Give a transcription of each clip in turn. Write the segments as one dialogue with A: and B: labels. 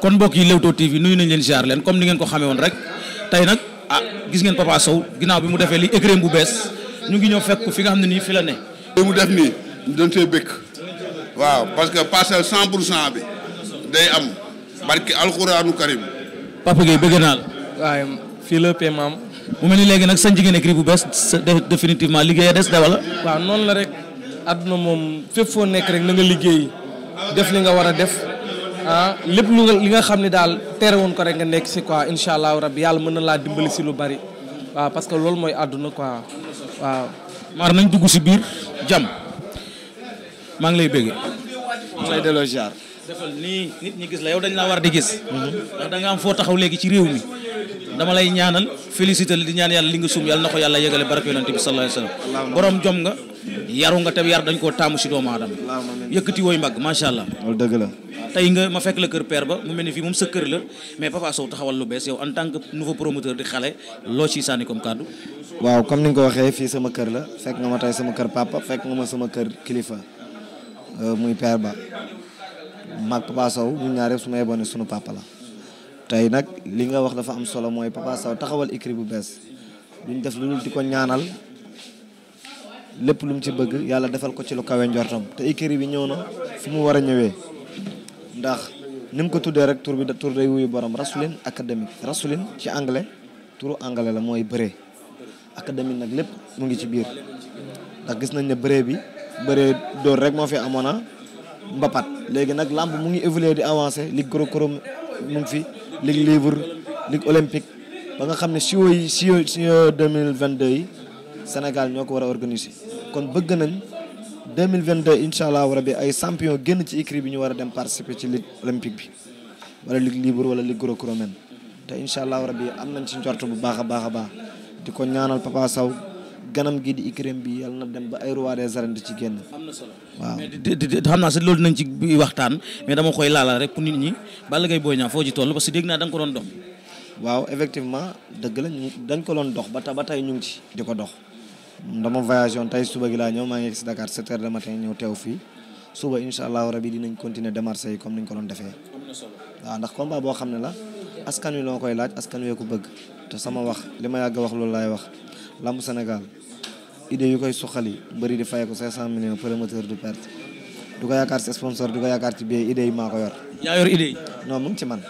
A: kon mbokk yi Leewtoo TV nuyu nañ leen ziar leen comme ni ngeen ko xamee woon rek tey nag ah gis ngeen Papa Sow ginnaaw bi mu defee li écréme bu bees ñu ngi ñëw fekk fi nga xam ne nii fi la ne. mu def nii ñu doon see bëgg waaw parce que
B: parcelle cent pour bi day am barki alxuraanu karim.
A: Papa Gueye bëgg naa la. fii la paiement am. mu mel ni léegi nag sañ jigéen écrit bu bees définitivement liggéey des de wala. waaw noonu la rek àdduna moom fépp foo nekk rek na nga liggéey def li nga war a def. ah lépp lu nga li nga xam ne daal tere woon ko rek nga nekk si quoi incha allahu rabbi yàlla mën na laa dimbali si lu bari waaw parce que loolu mooy àdduna quoi waaw. maar nañ dugg si biir jàmm maa ngi lay bëgg. maa ngi lay delloo ziar. defal nii nit ñi gis la yow dañ laa war di gis. ndax da nga am foo taxaw léegi ci réew mi. dama lay ñaanal félicité di ñaan yàlla li nga sum yàlla na ko yàlla yëgale barke yonente bi sallallahu alayhi wasallam borom jom nga yaru nga te yar dañ koo taamu si doomu aadama yëkkati
C: allah. loolu
A: tey nga ma fekk la kër père ba mu mel ni fii moom sa kër la mais Papa Sow taxawal lu bees yow en tant que nouveau promoteur xale loo ciy sànni comme kàddu
C: waaw comme ni nga ko waxee fii sama kër la fekk nga ma tey sama kër papa fekk nga sama kër kilifa euh, muy père ba mag Sow ñun ñaar su ma yeboon sunu papa la tey nag li nga wax dafa am solo mooy Papa Sow taxawal écrit bu bees duñ def lu dul di ko ñaanal lépp lu mu ci bëgg yàlla defal ko ci lu kawee njortam te écrit bi ñëw na fi mu war a ñëwee ndax ni mu ko tuddee rek tur bi tur day wuyu borom wrestling académique wrestling ci anglais tour anglais la mooy bëree académique nag lépp mu ngi ci biir ndax gis nañ ne bëree bi bëree dóor rek moo fi amoon a mbapat léegi nag làmb mu ngi évoluer di avancer ligue gréco mu ngi fi ligue libre ligue olympique ba nga xam ne siwo yi siwo siwo 2022 yi Sénégal ñoo ko war a organiser kon bëgg nañ 2022 incha allah rabi ay champion génn ci écrit bi ñu war a dem participer ci ligue olympique bi wala ligue libre wala ligue gréco-romaine te incha allah rabi am nañ ci njort bu baax a baax a baax di ko ñaanal Papa saw ganam gi di ikrim bi yal na dem ba ay roi des arènes ci génn. am na solo waaw mais di xam naa sax loolu dinañ ci
A: waxtaan mais dama koy laalal rek pour nit ñi Balla Gaye Boy Niang foo ci toll parce que dégg naa da ko doon dox.
C: waaw effectivement dëgg la ñu dañ ko doon dox ba ta ba tey ñu ngi ci di ko dox. dama voyagé woon tey suba gi laa ñëw maa ngi egg si Dakar 7 heures de matin ñëw teew fii suba incha allahu rabi dinañ continuer démarches yi comme ni ñu ko doon defee. waaw ndax combat boo xam ne la askan wi loo koy laaj askan wee ko bëgg te sama wax li ma yàgg wax loolu laay wax lamb Sénégal idée yu koy suqali mbëri di fay ko 500 millions promoteur du perte du ko yaakaar si sponsor du ko yaakaar ci biir idée yi maa ko yor. yaa yor idée yi. non mu ci man.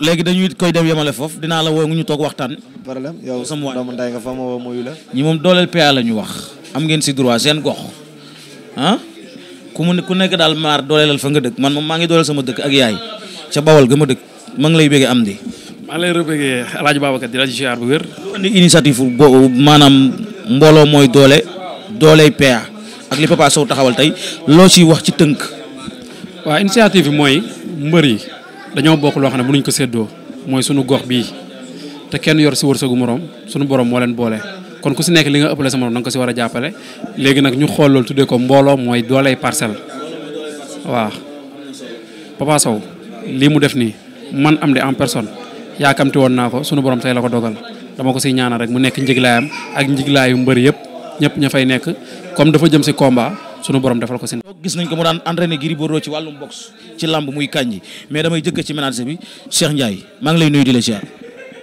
C: léegi dañuy koy dem yemale foofu dinaa la woo ñu toog waxtaan. problème yow sama doomu nday nga fa ma woo muyu la.
A: ñi moom dooleel PA la ñu wax. am ngeen si droit seen gox ah ku mu ku nekk daal maar dooleelal fa nga dëkk man moom maa ngi dooleel sama dëkk ak yaay ca Bawol gama dëkk ma ngi lay bëggee am di. maa lay rëbbëggee El Hadj Babacar di la ziar bu wér. indi initiative boobu maanaam mbooloo mooy doole dooley PA ak li Papa Sow taxawal tey loo ciy wax ci tënk. waa initiative bi mooy mbër yi. dañoo bokk loo xam ne mënuñ ko seddoo mooy suñu gox bii te kenn yor si wërsëgu moroom suñu borom moo leen boole kon ku si nekk li nga ëppale sa morom da nga ko si war a jàppale léegi nag ñu xool loolu tuddee ko mbooloo mooy dooley parcelle waaw Papa lii mu def nii man am de en personne yaakamti woon naa ko suñu borom tey la ko dogal dama ko si ñaanal rek mu nekk njiglaayam ak njigilaayu mbër yëpp ñëpp ña fay nekk comme dafa jëm si combat sunu borom defal ko seen. gis nañ ko mu daan entraîné Gris Bordeaux ci wàllum box ci lamb muy kànji mais damay jëkk ci ménage bi Cheikh Ndiaye maa ngi lay nuyu di la ziar.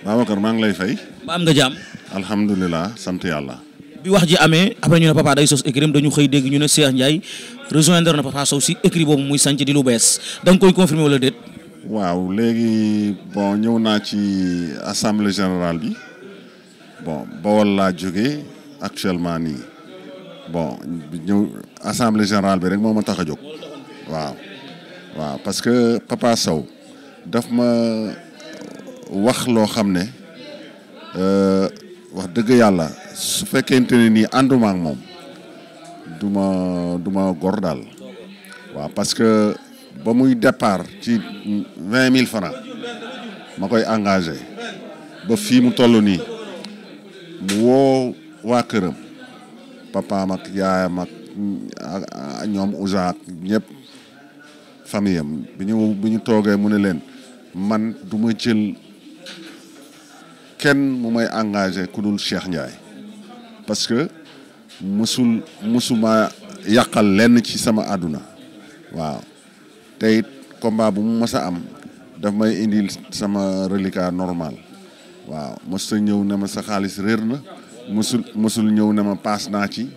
B: Babacar maa ngi lay fay. ba am nga jaam. alhamdulilah sant yàlla.
A: bi wax ji amee après ñu ne papa day sos écrit dañu xëy dégg ñu ne Cheikh Ndiaye rejoindre na papa Sow si écrit boobu muy sànc di lu bees da nga koy confirmer wala déet.
B: waaw léegi bon ñëw naa ci assemblée générale bi bon Bawol laa jóge actuellement nii. bon ñëw assemblée générale bi rek moo ma tax a jóg waaw parce que Papa Sow daf ma wax loo xam ne euh, wax dëgg yàlla su fekkente ne nii ànduma moom du ma du gor daal waaw parce que ba muy départ ci vingt mille francs ma koy engagé ba fii mu toll nii mu woo waa këram. papaam ak yaayam ak ñoom Ousa ak ñëpp famille am bi ñu toogee mu ne leen man du ma jël kenn mu may engagé ku dul Cheikh Ndiaye parce que musul musuma yàqal lenn ci sama àdduna waaw te it bu mu mës a am daf may indil sama reliquat normal waaw mës sa ñëw ne ma sa xaalis réer na musul musul ñëw ne ma paas naa ci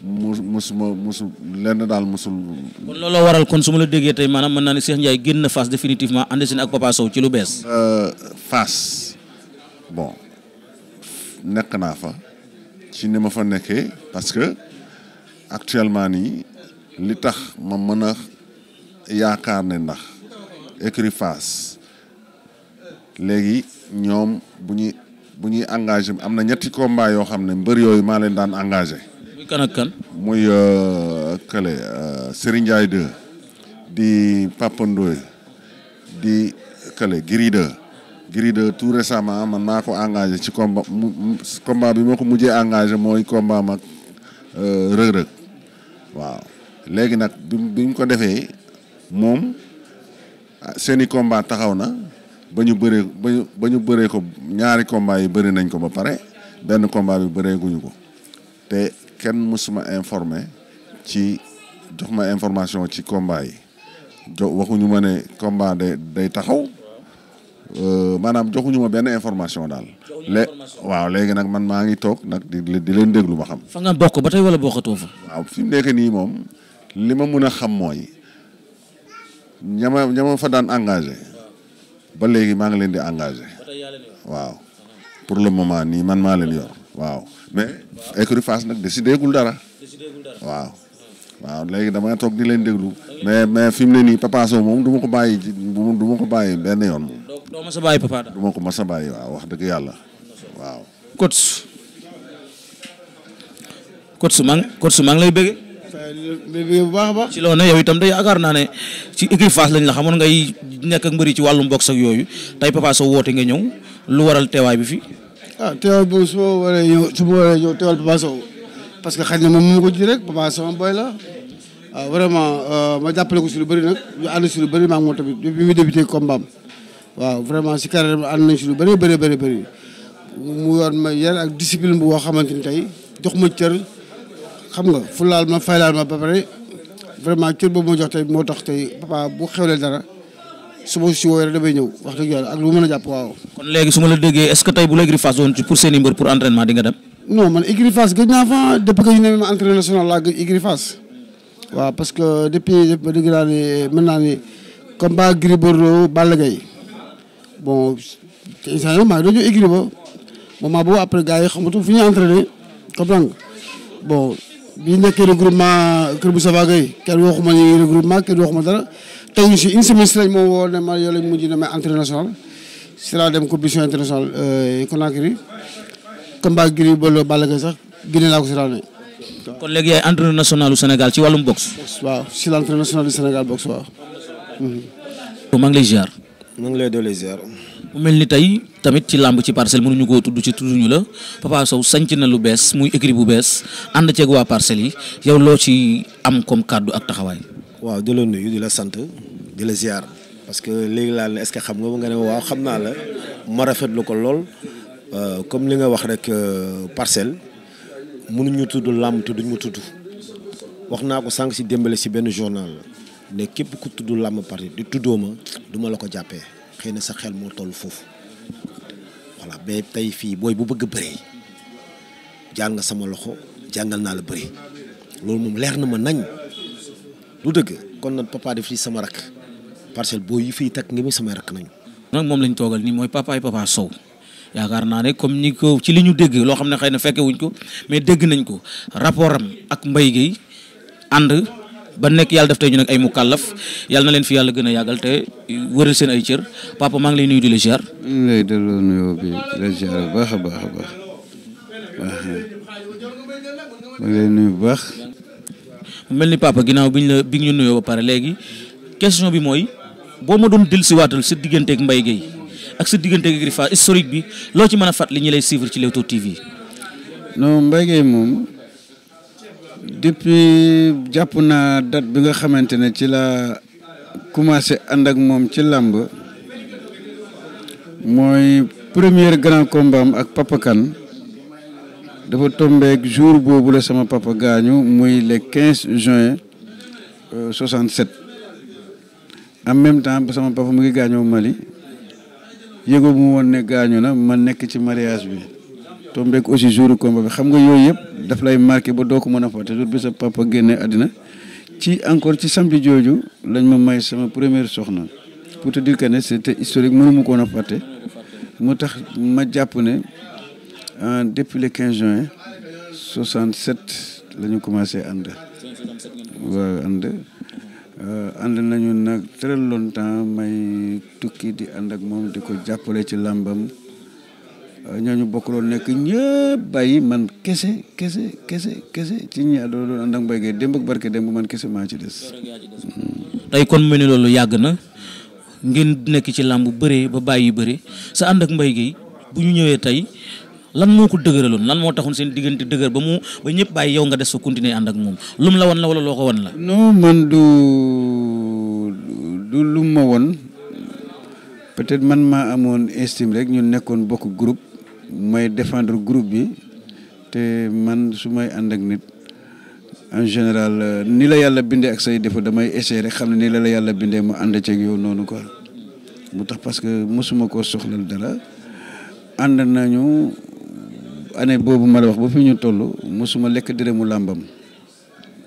B: mu musuma musul lenn daal musul. kon
A: looloo waral kon su ma la déggee tey maanaam mën naa ne Cheikh Ndiaye génn na Fass définitivement ànd si ak Papa Sow ci euh,
B: bon nekk naa fa ci ni ma fa nekkee parce que actuellement nii li tax ma mën a yaakaar ne ndax écrit Fass léegi ñoom bu ñu. bu ñuy engagé am na ñetti combat yoo xam ne mbër yooyu maa leen daan engagé. muy kan ak kan. Euh, kële euh, Serigne Ndiaye di Papa di kële Giri 2 Giri 2 tout récemment man maa ko engagé ci combat mu bi moo ko mujjee engagé mooy combat mag euh, rëg-rëg waaw léegi nag bi ñu ko defee moom ah, seeni combat taxaw na. ba ñu bëree ba ñu ba ñu bëree ko ñaari combat yi bëri nañ ko ba pare benn combat bi bëree guñu ko te kenn mësuma informé ci jox ma information ci combat yi jo waxuñu ma ne combat day day taxaw euh, maanaam joxuñu ma benn information daal. lé waaw léegi nag man maa ngi toog nag di di leen déglu ma xam. fa nga bokk ba tey wala bokkatoo fa. waaw fi mu nekk nii moom li ma mun a xam mooy ñama ñama fa daan engagé. ba léegi maa ngi leen di engagé waaw pour le moment nii man maa leen yor waaw mais écurie Fass nag décidé gul dara waaw waaw léegi dama toog di leen déglu mais mais fi mu ne nii Papa moom duma ma ko bàyyi du ma ko bàyyi benn yoon moom.
A: doo ma sa bàyyi Papa du
B: ko ma sa bàyyi waaw wax dëgg yàlla waaw. coach
A: coach maa ngi coach lay bëgg.
D: bu
A: baax a baax. ci loolu nag yow itam day yaakaar naa ne ci équipe Fass lañ la xamoon ngay nekk ak mbëri ci wàllum box ak yooyu tey Papa woote nga ñëw
D: lu waral teewaay bi fi ah teewaay boobu su ma waree ñëw su ma waree ñëw parce que xëy na moom moo ko ji rek Papa Sow la ah vraiment euh, ma jàppale ko si lu bëri nag ñu ànd si lu bëri maa ngi moom tamit depuis mu débuté combat am waaw vraiment si carrière bi ànd nañ si lu bëri bëri bëri bëri mu yor ma yar jox ma cër. xam nga fu laal ma fay laal ma ba pare vraiment cër boobu ma jox tey moo tax tey papa bu xewlee dara su si woowee rek damay ñëw wax dëgg yàlla ak lu mën a jàpp waaw.
A: kon léegi su ma la déggee est ce que bu la woon ci seen i mbër pour entraînement di dem.
D: non man écurie Fass gëj naa fa ñu ne ma entraîneur national laa gëj écurie waaw parce que depuis ba dégg naa ne mën naa ne combat Gris Bordeaux Balla Gaye bon instant yii maa ngi doon ñëw écurie boobu après gars yi xamatu fu ñuy entraîné comprendre nga bi nekk regroupement Kër Moussa Gueye kenn waxuma ni regroupement kenn waxuma dara tey si une semaine si lañ moo woo ne ma yow lañ mujj na ma entraîneur national si laa dem compétition internationale euh, Conakry combat Gris Bordeaux Balla Gaye sax génne naa ko si laa ne.
A: kon yaay entraîneur national du Sénégal ci wàllum boxe.
D: waaw si l' entraîneur national du Sénégal boxe waaw. maa ngi lay ngi lay dolli ziar. mu mel ni tey tamit
A: ci làmb ci parcelle mënuñu koo tudd ci tudduñu la Papa Sow sanc na lu bees muy écrit bu bees ànd ceeg waa parcelle yi yow loo ci am comme kàddu ak taxawaay.
C: waaw di la nuyu di la sant di la ziar parce que léegi laa est-ce que xam nga nga ne waaw xam naa la ma rafet lu ko lool euh, comme li nga wax rek euh, parcelle mënuñu tudd làmb te duñ mu tudd wax naa ko sànq si démbale si benn journal ne képp ku tuddu làmb parti di tuddoo ma duma la ko jàppee. xëy na sa xel moo toll foofu voilà mais tey fii booy bu bëgg bëree jaar nga sama loxo jàngal naa la bëri loolu moom leer na ma nañ lu dëgg kon nag papa def fii sama rak parcelle booy yi fiy takk nga mi samay rak nañu.
A: nag moom lañ toogal nii mooy papa ay papa Sow yaakaar naa ne comme ni ko ci li ñu dégg loo xam ne xëy na fekke wuñ ko mais dégg nañ ko rapport ak Mbaye Guèye ànd. ba nekk yàlla def tey ñu nag ay mukallaf yàlla na leen fi yàlla gën a yàggal te wëral seen ay cër papa maa ngi lay nuyu di la ziar.
E: ñu ngi lay delloo nuyoo bi di la ziar bu baax a baax a baax maa ngi lay nuyu bu baax.
A: mel ni papa ginnaaw biñ la bi ñu nuyoo ba pare léegi question bi mooy boo ma doon dellusiwaatal sa digganteeg Mbaye Gueye ak sa digganteeg Grifa historique bi loo ci mën a fàttali ñi
E: lay suivre ci Leewtoo TV. non Mbaye depuis jàpp naa date bi nga xamante ne ci la commencé ànd ak moom ci làmb mooy premier grand combat ak Papa dafa tombeek jour boobu la sama papa gaañu muy le 15 juin 67 euh, en même temps sama papa mu ngi gaañoo Mali yëgu woon ne gaañu na ma nekk ci mariage bi tombeeg aussi jour combat bi xam nga yooyu yëpp daf lay marqué ba doo ko mën a fàtte jour bi sa papa génne àddina ci encore ci samedi jooju lañ ma may sama première soxna pour te dire que ne c'était historique mënu ma ko woon a fàtte mu tax ma jàpp ne depuis le quinze juin 67 la ñu commencé ànd waaw ànd euh, ànd nañu nag très longtemps may tukki di ànd ak moom di ko jàppale ci làmbam ñooñu bokkuloon nekk ñëpp bàyyi man kese kese kese kese ci ñi doon doon ànd ak Mbaye Gueye démb man kese maa ci des.
A: tey kon mel ni loolu yàgg na ngeen nekk ci làmb bëree ba bàyyi bëree sa ànd ak Mbaye bu ñu ñëwee tey lan moo ko dëgëraloon lan moo taxoon seen diggante dëgër ba mu ñëpp bàyyi yow nga des fa continuer ànd ak la wan la wala loo ko wan la.
E: non man du lum ma won peut-être man maa amoon estime rek ñu nekkoon bokk groupe. may défendre groupe bi te man su may ànd ak nit en général euh, ni la yàlla bindee ak say défaut damay essayer rek xam ne ni la yàlla bindee ma ànd ceeg yow noonu ko mu tax parce que mosuma koo soxlal dara ànd nañu année boobu ma la wax ba fi ñu toll mosuma lekk dërëmu làmbam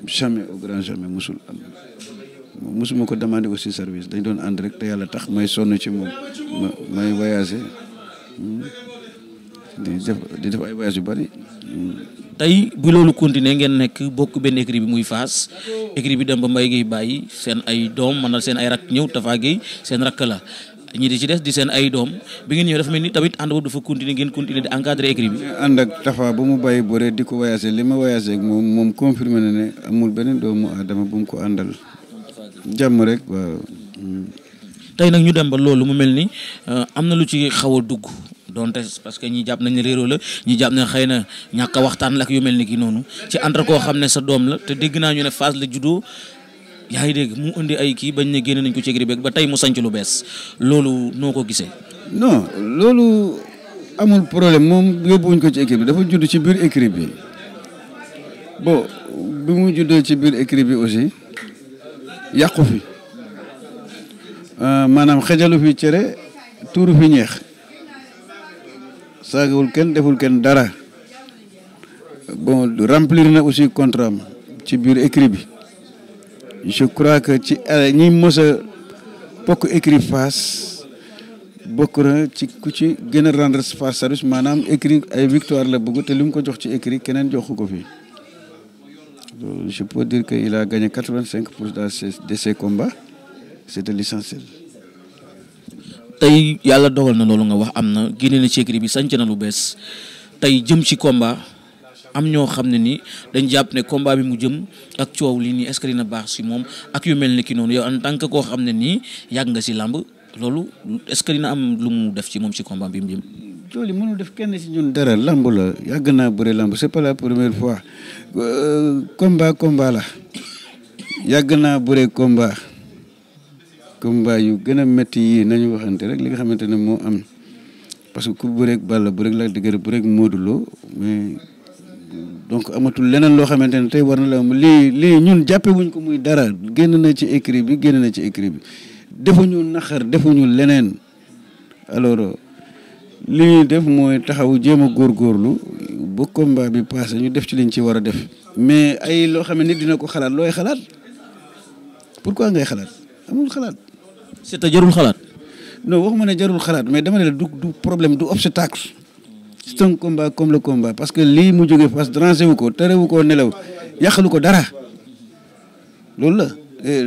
E: jamais au grand jamais mosul am mosuma ko demande aussi service dañ doon ànd rek te yàlla tax may sonn ci moom may voyager hmm. di def di def ay voyages yu bari tey bu loolu continuer
A: ngeen nekk bokk benn écrit bi muy Fass écrit bi dem ba Mbaye Guèye bàyyi seen ay doom man seen ay rakk ñëw Tafa Guèye seen rakk la ñi di ci des di seen ay doom bi ngeen ñëw mel ni tamit ànd dafa continuer ngeen continuer di encadrer écrit bi.
E: ànd ak ba mu bàyyi bëre di ko voyager li ma voyager moom moom confirmé na ne amul beneen doomu aadama bu mu ko àndal. jàmm rek waaw. tey ñu dem ba loolu mu mel ni euh, am na lu ci xaw a dugg
A: donte parce que ñi jàpp nañ ne réeroo la ñi jàpp ne xëy na ñàkk waxtaan la ak yu mel ni ki noonu ci entre koo xam ne sa doom la te dégg naa ñu ne phase la juddoo yaa ngi dégg mu indi ay kii bañ ne génne nañ ko ci écurie bi ba tey mu sanc lu bees loolu noo ko gisee.
E: non loolu amul problème moom yóbbuwuñ ko ci écurie bi dafa judd ci biir écurie bi bon bi mu juddoo ci biir écurie bi aussi yàqu fi euh, maanaam xëjalu fi cere tuuru fi ñeex. saagawul kenn deful kenn dara bon remplir na aussi contrat am ci biir écrit bi je crois que ci euh, ñi mos a bokk écrit face bokk na ci ku ci gën a rendre face service maanaam écrit ay victoire la bugg te li mu ko jox ci écrit keneen joxu ko fi euh, je peux dire que il a gagné quatre vingt cinq pour cent de ses combats c' était l' essentiel tey yàlla dogal na loolu nga wax am na génne na ci
A: bi sanc na lu bees tey jëm ci combat am ñoo xam ne ni dañ jàpp ne combat bi mu jëm ak coow lii nii est na baax si moom ak yu mel ni ki noonu yow en tant que koo xam ne nii yàgg nga si làmb loolu est-ce am lu mu def ci moom si combat bi mu jëm.
E: loolu mënul def kenn ci ñun dara lamb la yàgg naa bëre lamb c'est pas la première fois euh, combat combat la yàgg naa bëre komba combat yu gën metti métti yii nañu waxante rek li nga xamante ne moo am parce que ku bëreeg Balla bëreeg Lac de Guiers bëreeg Modou Lo mais donc amatul leneen loo xamante ne te war na la am lii lii ñun jàppe ko muy dara génn na ci écrit bi génn na ci écrit bi defuñu naxar defuñu leneen alors li ñuy def mooy taxaw jéem a góorgóorlu ba combat bi passé ñu def ci liñ ci war a def mais ay loo xam ne nit dina ko xalaat looy xalaat pourquoi ngay xalaat Siteu jarul xalaat. non waxuma ne jarul xalaat mais dama la du du problème du obstacle. c'est un combat comme le combat parce que lii mu jógee face dérangé wu ko tere wu ko nelaw yàqalu ko dara loolu la.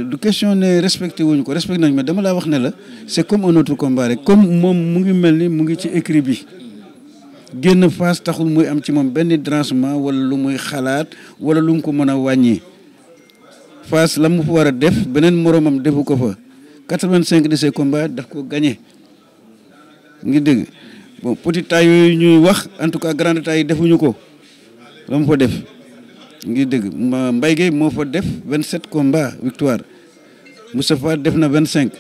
E: du question ne respecté wuñu ko respecté nañu mais dama laa wax ne la c'est comme un autre combat rek comme moom mu ngi mel ni mu ngi ci écrit bi génn face taxul muy am ci moom benn dérangement wala lu muy xalaat wala lu mu ko mën a wàññi face la mu war a def beneen moromam defu ko fa. quatre-vingt-cinq de ces combats daf ko gagné ngi dégg bon petite taille yooyu ñuy wax en tout cas grande taille defuñu ko la mu def ngi dégg Mbaye Gueye moo fa def vingt-sept combats victoire Moustapha def na vingt-cinq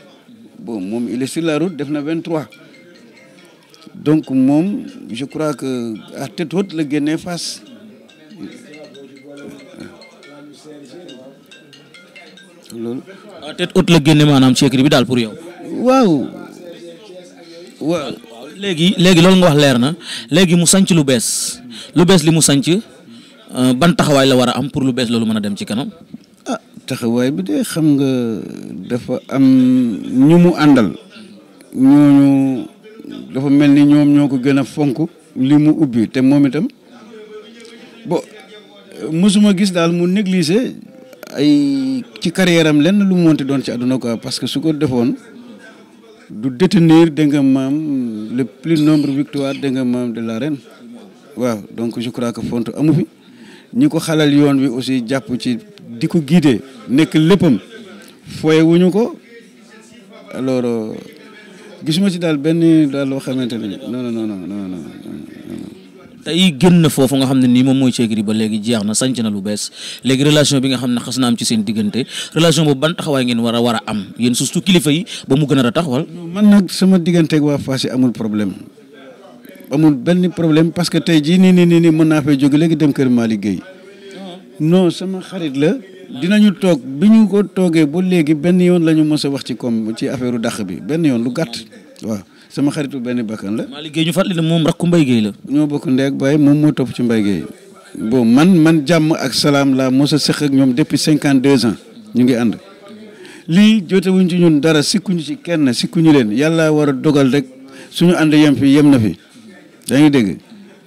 E: bon moom il est sur la route def na vingt-trois donc moom je crois que à tête haute la génne fas loolu.
A: Ah, tête haute la génne maanaam ci écrit bi daal pour yow.
E: waaw. waaw léegi léegi loolu nga
A: wax leer na léegi mu sanc lu bees lu bees li mu sanc euh, ban taxawaay la war a am pour lu bees loolu mën a dem ci kanam.
E: ah taxawaay bi de xam nga dafa am ñu mu àndal ñooñu dafa mel ni ñoom ñoo ko gën a fonk li mu ubbi te moom itam bo mosuma gis daal mu négliger ay ci carrière am lenn lu mu doon ci àdduna quoi parce que su ko defoon du détenir da nga maam le plus nombre victoire da nga maam de la l'arène waaw donc je crois que font amu fi ñi ko xalal yoon wi aussi jàpp ci di ko guider nekk léppam foye wuñu ko alors euh, gisuma ci daal benn daal loo xamante ne non
A: tey génn foofu nga xam ne nii moom mooy ceegri ba léegi jeex na sanc na lu bees léegi relation bi nga xam na xas na am ci seen diggante relation boobu ban taxawaay ngeen war a war a am yéen surtout
E: kilifa yi ba mu gën a ratax wala. man nag sama digganteeg waa Fass yi amul problème amul benn problème parce que tey jii nii nii nii nii mën naa fee jóge léegi dem kër maa Gueye non sama xarit la. dinañu toog bi ñu ko toogee ba léegi benn yoon la ñu mës a wax ci comme ci affaire dàq bi benn yoon lu gàtt waaw. sama xaritu benn bakkan la. Malick Gueye ñu fàttali ne moom rakku Mbaye Gueye la. ñoo bokk ndey ak baay moom moo topp ci mbay Gueye bon man man jàmm ak salaam laa mosa a seq ak ñoom depuis cinquante deux ans ñu ngi ànd lii jotewuñ ci ñun dara sikkuñu ci kenn sikkuñu leen yàlla war a dogal rek suñu ànd yem fi yem na fi yaa ngi dégg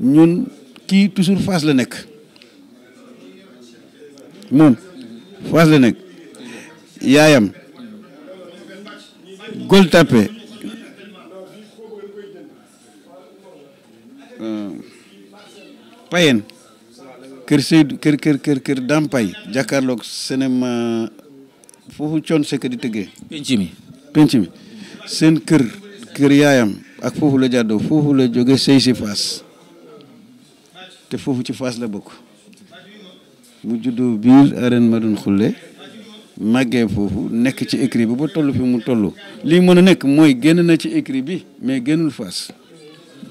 E: ñun kii toujours Fass la nekk moom Fass la nekk yaayam Gueule Tapée Payen kër Seydou kër kër kër Dampay jàkkaarloog cinéma foofu coon sekk di tëggee. penc mi seen kër kër yaayam ak foofu la jàddoo foofu la jóge sëy si Fass te foofu ci Fass la bokk mu juddoo biir arène Madoune Khoule màggee foofu nekk ci écrit bi ba toll fi mu toll lii mën a nekk mooy génn na ci écrit bi mais génnul faas.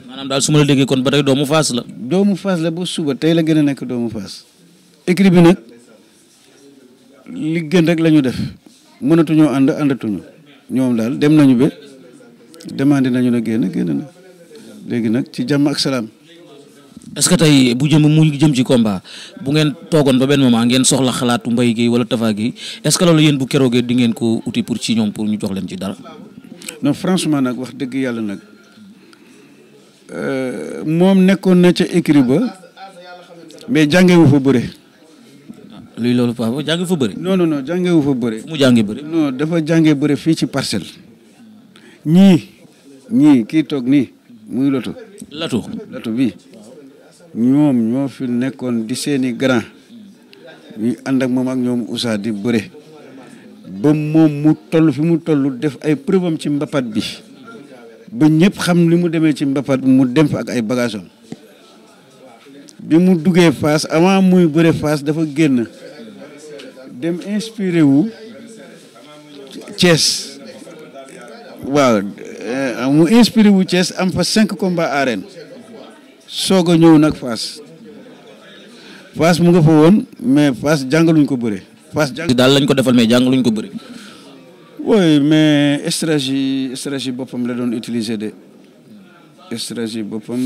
E: maanaam daal su ma la déggee kon ba tey doomu faas la. doomu faas la ba suba tey la gën a nekk doomu faas écrit bi nag li gën rek la ñu def mënatuñoo ànd àndatuñu ñoom daal dem nañu bi demandé nañu na génn génn léegi nag ci jàmm ak salaam. est-ce que tey bu jëm mu jëm ci combat bu ngeen toogoon ba benn
A: moment ngeen soxla xalaatu mbay gi wala tafa gi est-ce que loolu yéen bu keroogee di ngeen ko uti pour ci ñoom pour ñu
E: jox leen ci dara. non franchement nag wax dëgg yàlla nag euh, moom nekkoon na ca écrit ba mais jàngewu fa bëre. luy loolu papa jànge fa bëre. non non non jàngewu fu mu jàngee bëre. non dafa jàngee bëre fii ci parcelle. ñii ñii kii toog nii muy lotu. latu latu bi. ñoom ñoo fi nekkoon di seeni grand ñuy ànd ak moom ak ñoom Oussa di bëre ba moom mu toll fi mu tollu def ay preuve ci mbapat bi ba ñëpp xam li mu demee ci mbapat mu dem fa ak ay bagage bi mu duggee Fass avant muy bëre Fass dafa génn dem inspiré wu Thiès waaw euh, mu inspiré wu Thiès am fa cinq combats arène soog a ñëw nag Fass Fass mu nga fa mais Fass jàngaluñ ko bëre. Fass jàng daal lañ ko defal mais jàngaluñ ko bëre. oui mais stratégie stratégie boppam la doon utiliser de stratégie boppam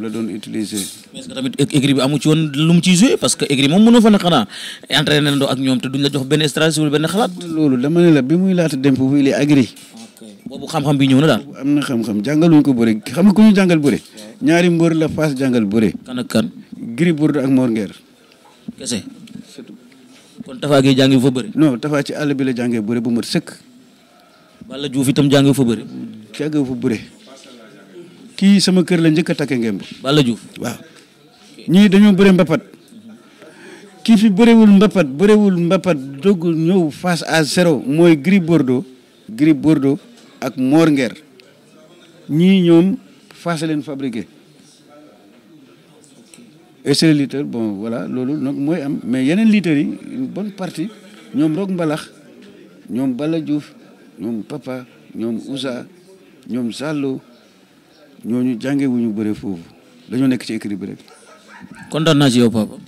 A: la doon utiliser. mais est-ce que tamit écurie bi amu ci woon lu mu ciy joué parce que écurie moom mënoo fa na xanaa
E: entraîné na ak ñoom te duñ la jox benn stratégie wala benn xalaat. loolu dama ne la bi muy laata dem foofu il est agri. boobu xam-xam bi ñëw na daal. am na xam-xam jàngaluñ ko bëre xam nga ku ñu jàngal bëre. ñaari mbër la Fass jàngal bëre. kan ak kan. Gris Bordeaux ak Mor Nguer. kese. kon Tafa gi jàngee fa bëre. non Tafa ci àll bi la jàngee bëre bu mat sëkk. Balla Diouf itam jàngee fa sama kër la njëkk a takke ngemb. Balla Diouf waaw. ñii dañoo bëre mbapat. kii fi mbapat bërewul ñëw face à mooy Gris Bordeaux. Gris Bordeaux. ak Mor Nguer ñii ñoom Fass leen fabriqué et ces litres bon voilà loolu nag mooy am mais yeneen litres yi une bonne partie ñoom Rock Mbalax ñoom Bala Diouf ñoom Papa ñoom Ousa ñoom Sallo ñooñu jàngewuñu bëre foofu dañoo nekk ci écrit bi rek.
A: kontaan naa yow papa.